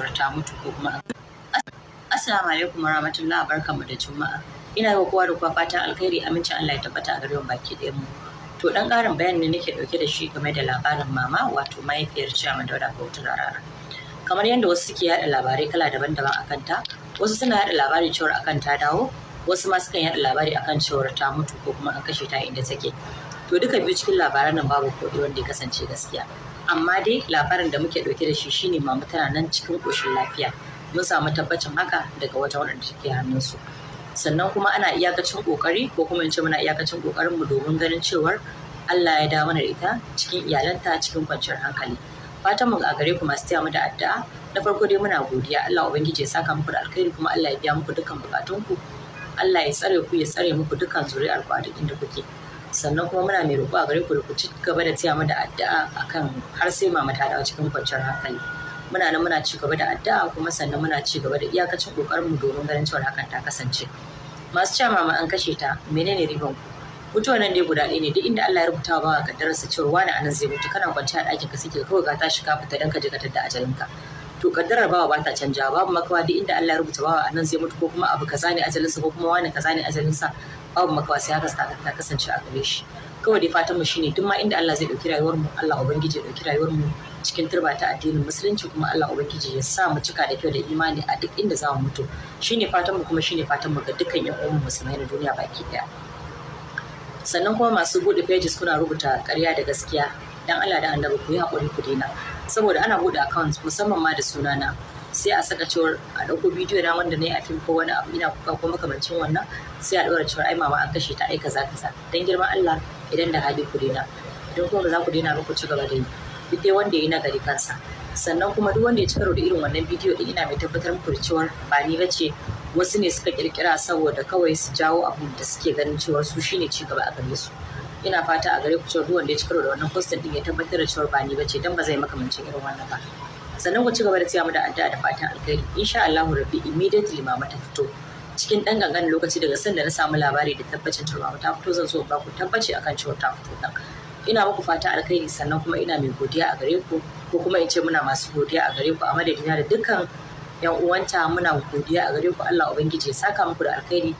furta mutu ko kuma Assalamu alaikum warahmatullahi barkamu da juma'a ina ga kowa da kowa fatan alkhairi amincin Allah ya tabbata a garin baki ɗayan mu to dan ƙarin bayani ne nake dauke da shi game da labarin mama wato mahaifiyar Chairman Dauda Bautu Rarara kamar yadda wasu suke yaɗa labarai kala daban-daban akan ta wasu suna yada labari cewar akan ta dawo wasu ma sukan yada labari akan cewar ta mutu ko kuma an kashe ta inda take to duka biyu cikin labaran nan babu kodi wanda ya kasance gaskiya amma dai labarin da muke ɗauke da shi shine mamu tana nan cikin koshin lafiya mun samu tabbacin haka daga wajen waɗanda take hannunsu sannan kuma ana iyakacin ƙoƙari ko kuma in ce muna iyakacin ƙoƙarinmu domin ganin cewar Allah ya dawo mana da ita cikin iyalanta cikin kwanciyar hankali fatan mu a gare ku masu taya mu da addu'a na farko dai muna godiya Allah ubangiji ya saka muku da alkhairi kuma Allah ya biya muku dukkan bukatunku Allah ya tsare ku ya tsare muku dukkan zuri'ar ku a duk inda kuke sannan kuma muna mai roƙo a gare ku da ku ci gaba da tiya da addu'a akan har sai mama ta dawo cikin kwanciyar hankali muna nan muna ci gaba da addu'a kuma sannan muna ci gaba da iyakacin kokarin mu domin ganin cewa hakan ta kasance masu cewa mama an kashe ta menene ribon ku mutuwa nan dai guda ɗaya ne duk inda Allah ya rubuta ba ka kaddararsa cewa wani anan zai mutu kana kwanciya a ɗakin ka sike kawai ka tashi ka fita dan ka je ka tadda ajalinka to kaddara bawa ba ta canja babu makawa duk inda Allah ya rubuta bawa nan zai mutu ko kuma abu kaza ne ajalinsa ko kuma wani kaza ne ajalinsa babu makawa sai haka ta kasance a gare shi kawai dai fatan mu shine duk ma inda Allah zai dauki rayuwar mu Allah ubangiji ya dauki rayuwar mu cikin turba ta addinin musulunci kuma Allah ubangiji ya sa mu cika da kyau da imani a duk inda za mu mutu shine fatan mu kuma shine fatan mu ga dukkan yan uwan musulmai na duniya baki daya sannan kuma masu bude pages kuna rubuta ƙarya da gaskiya dan Allah da annabi ku yi hakuri ku daina saboda ana buɗe account musamman ma da sunana sai a saka cewar a ɗauko bidiyo na wanda na yi a fim ko wani abu ina kuka ko makamancin wannan sai a ɗora cewar ai mama an kashe ta za kaza kaza dan girman Allah idan da hali ku daina idan kuma ba za ku daina ba ku ci gaba da yi duk dai wanda ya yi nagari kansa sannan kuma duk wanda ya ci karo da irin wannan bidiyo din ina mai tabbatar muku da cewar ba ni ba ce. wasu ne suka kirkira saboda kawai su jawo abin da suke ganin cewa su shine ci gaba a gare su ina fata a gare ku cewa duwan da ya ci karo da wannan postin din ya tabbatar da cewa ba ni bace dan ba zai maka mancin irin wannan ba sannan ku ci gaba da tsaya mu da addu'a da fatan alkhairi insha Allah rabbi immediately mama ta fito cikin dan gangan lokaci daga da na samu labari da tabbacin cewa ta fito zan so ba ku tabbaci akan cewa ta fito dan ina muku fata alkhairi sannan kuma ina mai godiya a gare ku ko kuma in ce muna masu godiya a gare ku a madadin da dukkan yan uwanta muna godiya a gare ku Allah ubangiji ya saka muku da alkhairi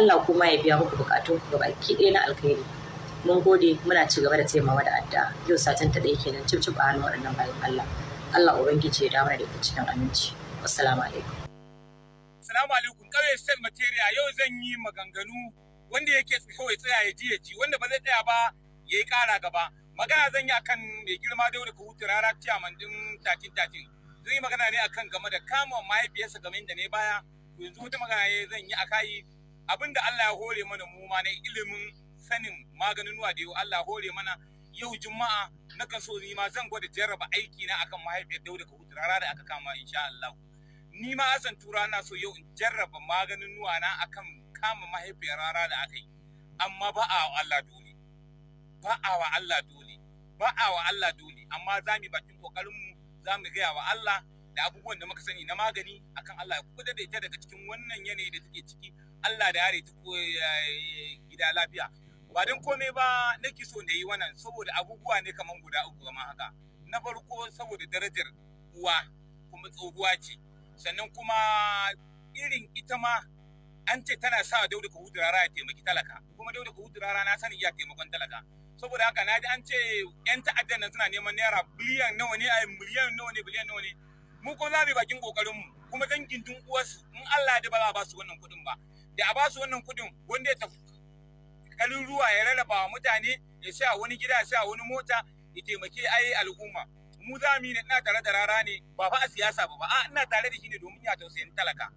Allah kuma ya biya muku bukatun ku gaba ki ɗaya na alkhairi mun gode muna ci gaba da taimawa da addu'a yau satin ta ɗaya kenan cip cip a hannun waɗannan bayan Allah Allah ubangiji ya dawo da ku cikin aminci assalamu alaikum assalamu alaikum kauye sel materia yau zan yi maganganu wanda yake kawai tsaya ya ji ya ji wanda ba zai tsaya ba ya yi kara gaba magana zan yi akan mai girma da wuri kuhutu rara ciyaman din tatin tatin zan yi magana ne akan game da kama mahaifiyarsa game da ne baya yanzu wata magana zan yi a kayi abinda Allah ya hore mana mu ma na ilimin sanin maganin da yau Allah hore mana yau juma'a na kan so ni ma zan gwada jarraba aiki na akan mahaifiyar Dauda ka hutu rara da aka kama insha Allah ni ma Hassan Tura na so yau in jarraba maganin nuwa na akan kama mahaifiyar rara da aka yi amma ba a wa Allah dole ba a wa Allah dole ba a wa Allah dole amma za mu bakin kokarin mu za mu gaya wa Allah da abubuwan da muka sani na magani akan Allah ya da ita daga cikin wannan yanayi da take ciki Allah da yare ta eh, gida lafiya ba don komai ba nake so na yi wannan saboda abubuwa ne kamar guda uku kamar haka na farko saboda darajar uwa kuma tsohuwa ce sannan kuma irin ita ma an ce tana sa dauda ka hudu rara ya taimaki talaka kuma dauda ka hudu rara na sani iya taimakon talaka saboda haka na ji an ce yan ta'addan nan suna neman naira biliyan nawa ne a miliyan nawa ne biliyan nawa ne mu kuma za mu yi bakin kokarin mu kuma dangin dun uwarsu in Allah ya ba ba su wannan kuɗin ba da a ba su wannan kuɗin wanda ya tafi garuruwa ya rarraba wa mutane ya sha wani gida ya sha wani mota ya taimake ai al'umma mu za mu yi ina tare da rara ne ba fa a siyasa ba a ina tare da shi ne domin ya tausayin talaka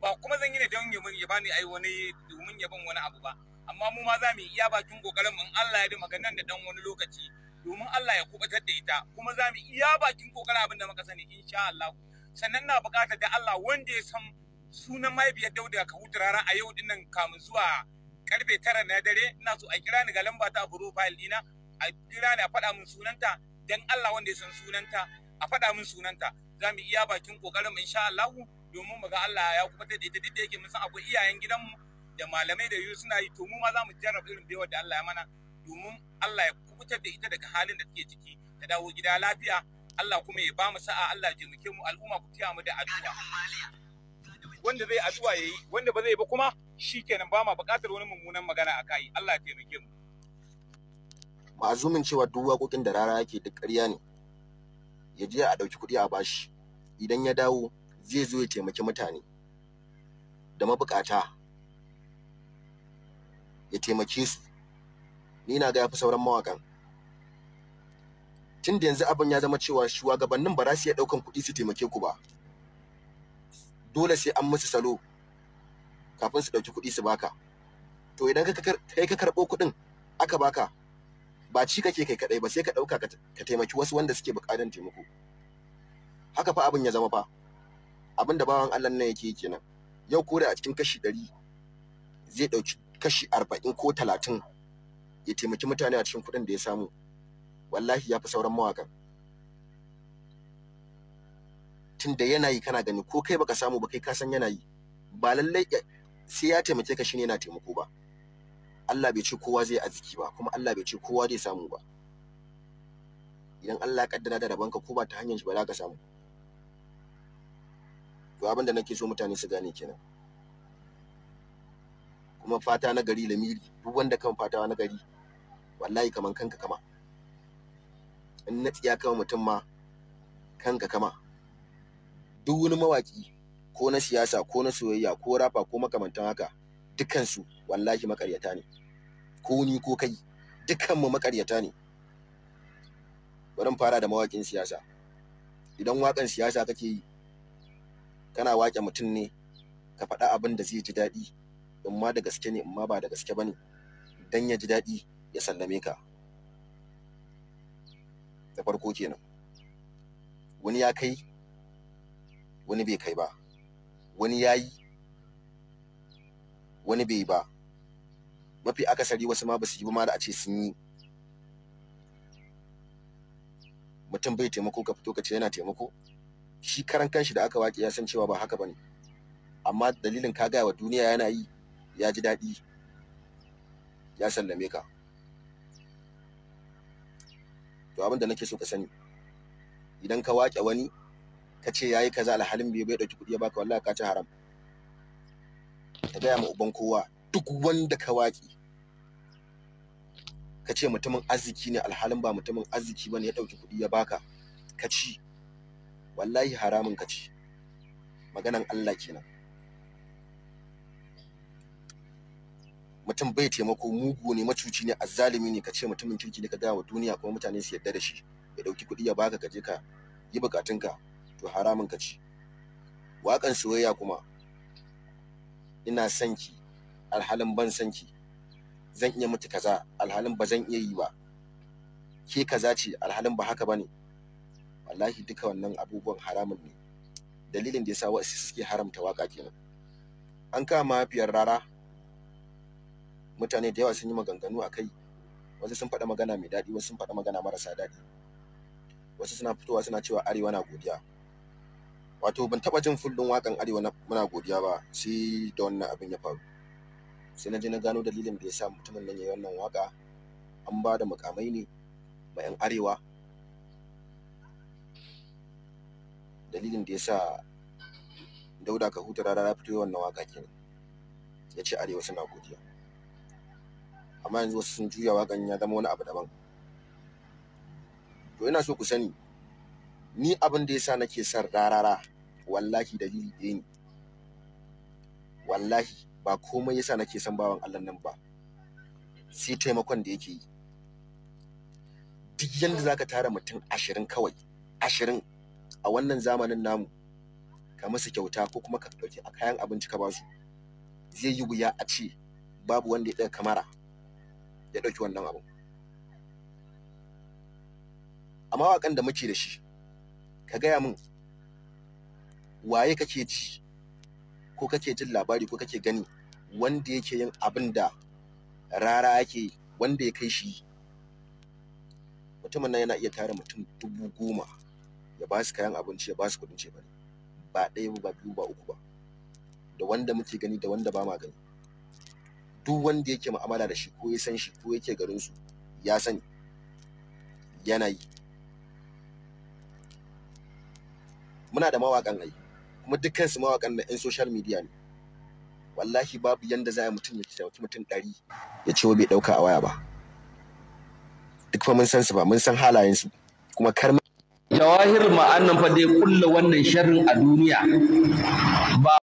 ba kuma zan yi ne don ya bani ai wani domin ya ban wani abu ba amma mu ma za mu iya bakin kokarin mu in Allah ya dima nan da dan wani lokaci domin Allah ya kubatar da ita kuma za mu iya bakin kokarin abin da muka sani insha Allah sannan na bukatar da Allah wanda ya san sunan mahaifiyar Dauda ka hutu rara a yau dinnan kamun zuwa karfe tara na dare ina so a kira ni ga lamba ta profile dina a kira ni a faɗa min sunanta dan Allah wanda ya san sunanta a faɗa min sunanta za mu iya bakin kokarin mu insha Allah domin mu ga Allah ya kuma da ita duk da yake mun san akwai iyayen gidanmu da malamai da yiwu suna yi to mu ma za mu jarraba irin baiwar da Allah ya mana domin Allah ya kubutar da ita daga halin da take ciki ta dawo gida lafiya Allah kuma ya ba mu sa'a Allah ya taimake mu al'umma ku tiya mu da addu'a wanda zai addu'a yayi wanda ba zai ba kuma shikenan ba ma bukatar wani mummunan magana a kai Allah ya taimake mu ma'azumin cewa duk waƙoƙin da rara yake duk ƙarya ne ya je a ɗauki kuɗi a bashi idan ya dawo zai zo ya taimaki mutane da mabukata ya taimake su ni na ga yafi sauran mawakan tun da yanzu abin ya zama cewa shugabannin ba za su iya ɗaukan kuɗi su taimake ku ba dole sai an musu salo kafin su ɗauki kuɗi su baka to idan kai ka karɓo kuɗin aka baka ba ci kake kai kaɗai ba sai ka ɗauka ka taimaki wasu wanda suke buƙatar taimako haka fa abin ya zama fa abin da bawan Allah nan yake kenan yau ko da a cikin kashi ɗari zai ɗauki kashi arba'in ko talatin ya taimaki mutane a cikin kuɗin da ya samu wallahi ya fi sauran mawakan tunda yana yi kana gani ko kai baka samu ba kai ka san yana yi ba lallai eh, sai ya taimake ka shine yana taimako ba Allah bai ce kowa zai arziki ba kuma Allah bai ce kowa zai samu ba idan Allah ya kaddara da rabon ka ko ba ta hanyar shi ba za ka samu to abin da nake so mutane su gane kenan kuma fata na gari lamiri duk wanda kan fata na gari wallahi kaman kanka kama in na tsiya kama mutum ma kanka kama duk wani mawaki ko na siyasa ko na soyayya ko rafa ko makamantan haka dukansu wallahi makaryata ne ko ni ko kai dukanmu makaryata ne bari fara da mawakin siyasa idan wakan siyasa kake yi kana wake mutum ne ka faɗa abin da zai ji daɗi in ma da gaske ne in ma ba da gaske ba ne dan ya ji daɗi ya sallame ka da farko kenan wani ya kai wani bai kai ba wani ya yi wani bai ba mafi akasari wasu ma basu su yi ba ma da a ce sun yi mutum bai taimako ka fito ka ce yana taimako shi karan kanshi da aka waƙe ya san cewa ba haka bane amma dalilin ka gaya wa duniya yana yi ya ji daɗi ya sallame ka to abin da nake so ka sani idan ka waƙe wani ka ce yi kaza alhalin biyu bai dauki kuɗi ya baka wallahi ka ci haram ta gaya ma uban kowa duk wanda ka waki ka ce mutumin arziki ne alhalin ba mutumin arziki bane ya dauki kuɗi ya baka ka ci wallahi haramun ka ci maganan Allah kenan mutum bai taimako mugu ne macuci ne azzalimi ne ka ce mutumin kirki ne ka gaya wa duniya kuma mutane su yarda da shi ya dauki kuɗi ya baka ka je ka yi bukatunka to haramun ka ci waƙan soyayya kuma ina son ki alhalin ban son ki zan iya mutu kaza alhalin ba zan iya yi ba ke kaza ce alhalin ba haka bane wallahi duka wannan abubuwan haramun ne dalilin da yasa wasu suke haramta waka kenan an kama mafiyar rara mutane da yawa sun yi maganganu a kai wasu sun faɗa magana mai daɗi wasu sun faɗa magana marasa daɗi wasu suna fitowa suna cewa arewa na godiya wato ban taba jin fullin wakan arewa na muna godiya ba sai da wannan abin ya faru sai na je na gano dalilin da ya sa mutumin nan ya yi wannan waƙa an ba da mukamai ne ma 'yan arewa dalilin da ya sa dauda ka huta rara ya fito wannan waƙa kenan ya ce arewa suna godiya amma yanzu wasu sun juya waƙan ya zama wani abu daban to ina so ku sani ni abin da yasa nake son rarara wallahi dalili ɗaya ne wallahi ba komai yasa nake son bawan Allah nan ba sai taimakon da yake yi duk yanda zaka tara mutum ashirin kawai ashirin a wannan zamanin namu ka masa kyauta ko kuma ka ɗauki a kayan abinci ka ba su zai yi wuya a ce babu wanda ya ɗaga kamara ya ɗauki wannan abu amma waƙan da muke da shi ka gaya min waye kake ji ko kake jin labari ko kake gani wanda yake yin abin da rara yake wanda ya kai shi mutumin nan yana iya tara mutum dubu goma ya ba su kayan abinci ya ba su kudin ce ba ɗaya ba biyu ba uku ba da wanda muke gani da wanda ba ma gani duk wanda yake mu'amala da shi ko ya san shi ko yake garin su ya sani yana yi muna da mawakan ai kuma dukkan su mawakan na 'yan social media ne wallahi babu yanda za a mutum ya taimaki mutum ɗari ya ce bai ɗauka a waya ba duk fa mun san su ba mun san halayen su kuma kar jawahir ma'annan fa dai kulla wannan sharrin a duniya ba